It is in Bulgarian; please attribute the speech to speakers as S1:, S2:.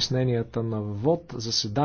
S1: обясненията на ВОД, заседанието